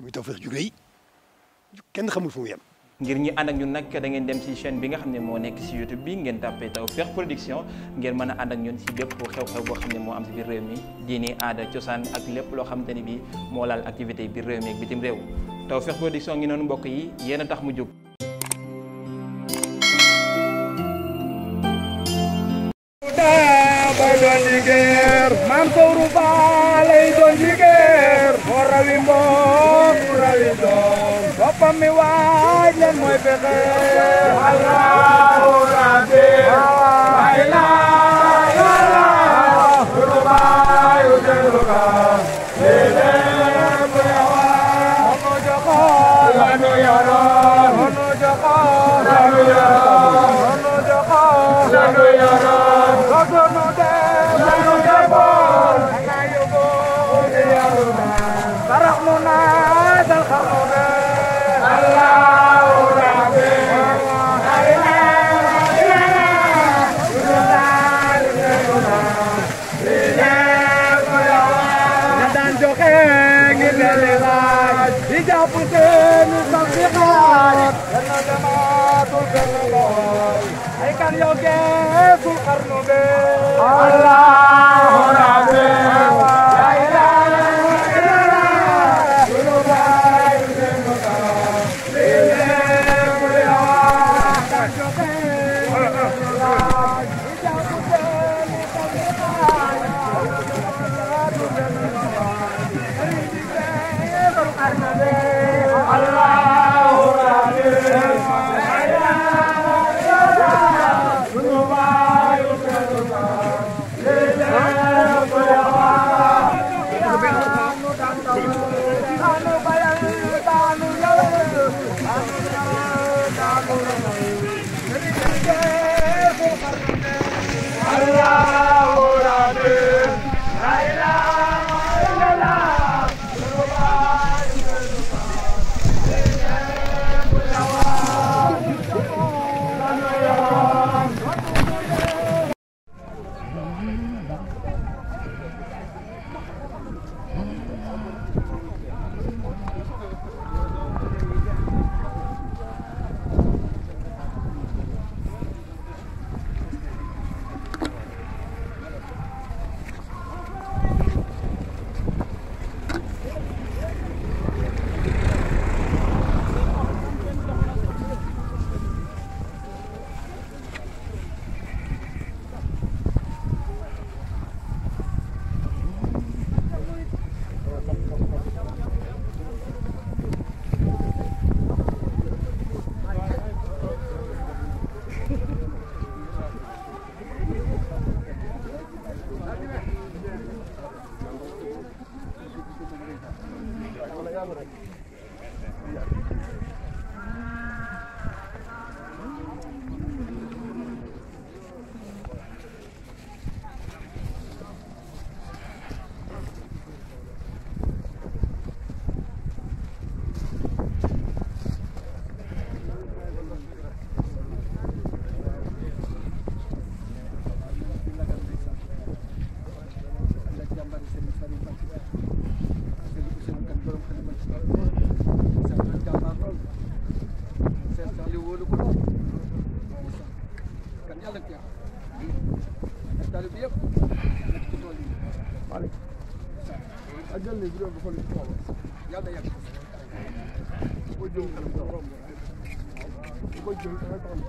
muy Tawfekh jugee yi kenn xamul fu mu ngir ñi ànd ak ñun nag dangeen dem ci chaîne bi nga xam ne moo nekk ci YouTube bi ngeen tàppee Tawfekh Production ngeen mën a ànd ak ñun ci bépp xew-xew boo xam ne moo am ci biir réew mi diini aada cosaan ak lépp loo xamante ni bi moo laal activité biir réew mi ak bitim réew Tawfekh Production ngi noonu mbokk yi yéen a tax mu jóg. lay doon borom mi waaj leen mooy pexe allahu rabbi bayla yàlla sunu baayu delu ka léeg-léeg mu yawa mu joxoon lanu yoroon الحسين تنفيقات لنا جماعة الكرم هيكل يوقف القرن بيه الله borom bu ko lu xool yàlla yàgg boo jël kanam ko romb boo jël kanam ko romb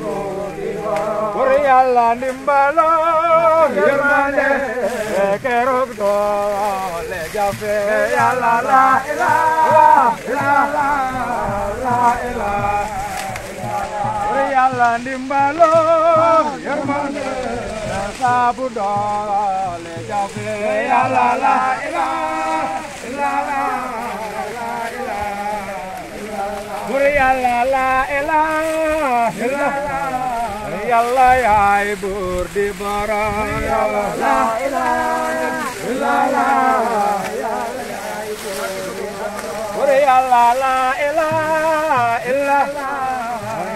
yàlla ndimbaloo yërmande keroog doole jafe yàlla la ilaha yàlla yaay buur di borom yàlla la ilaha illa yàlla yaay buur di borom yàlla la ilaha illa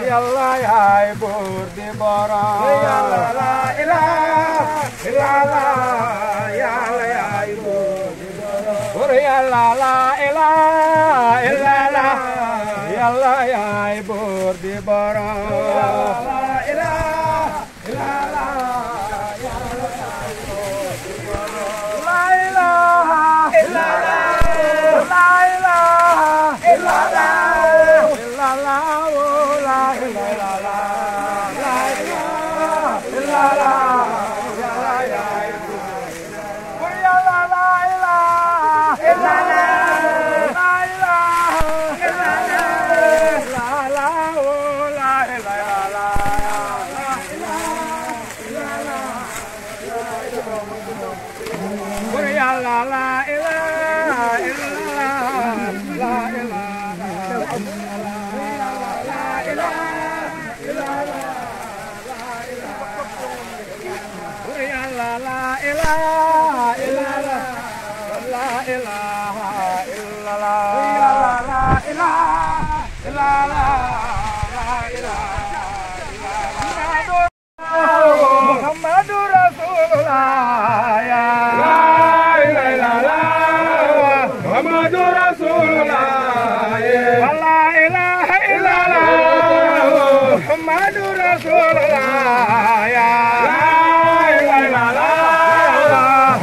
yàlla yaay buur di borom yàlla la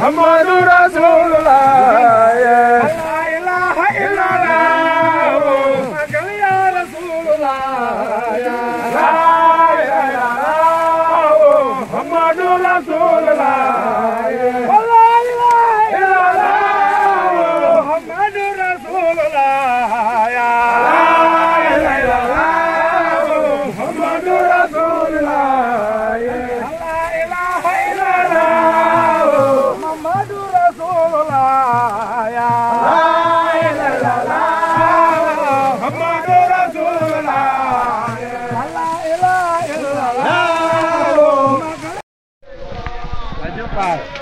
Muhammadu Valeu, pai.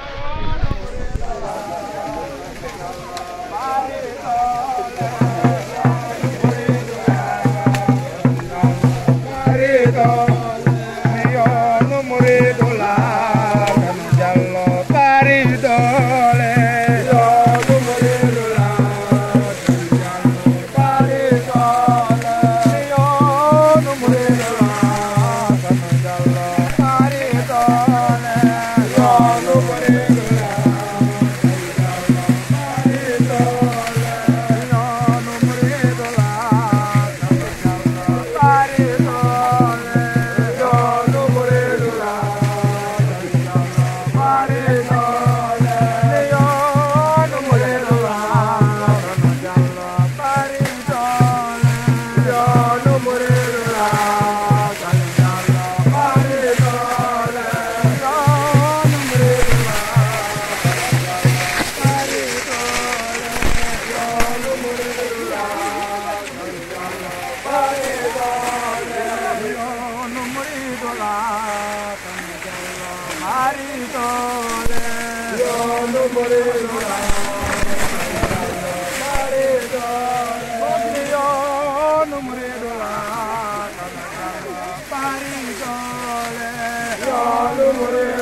Glory.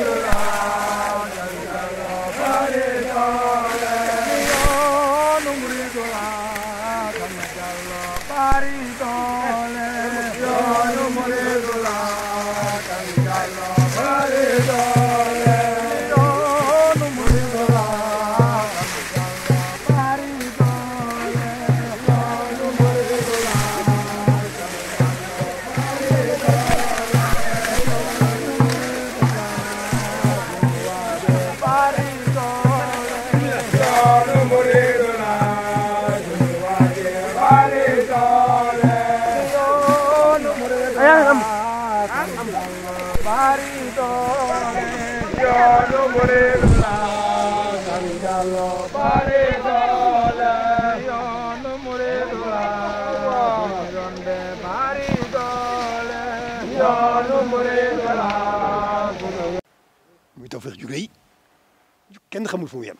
am bari doole yoonu murid la Sëñ Jallo bari doole yoonu murid la jonde bari doole yoonu murid la muy Tawfekh ju rëy kenn xamul fu mu yem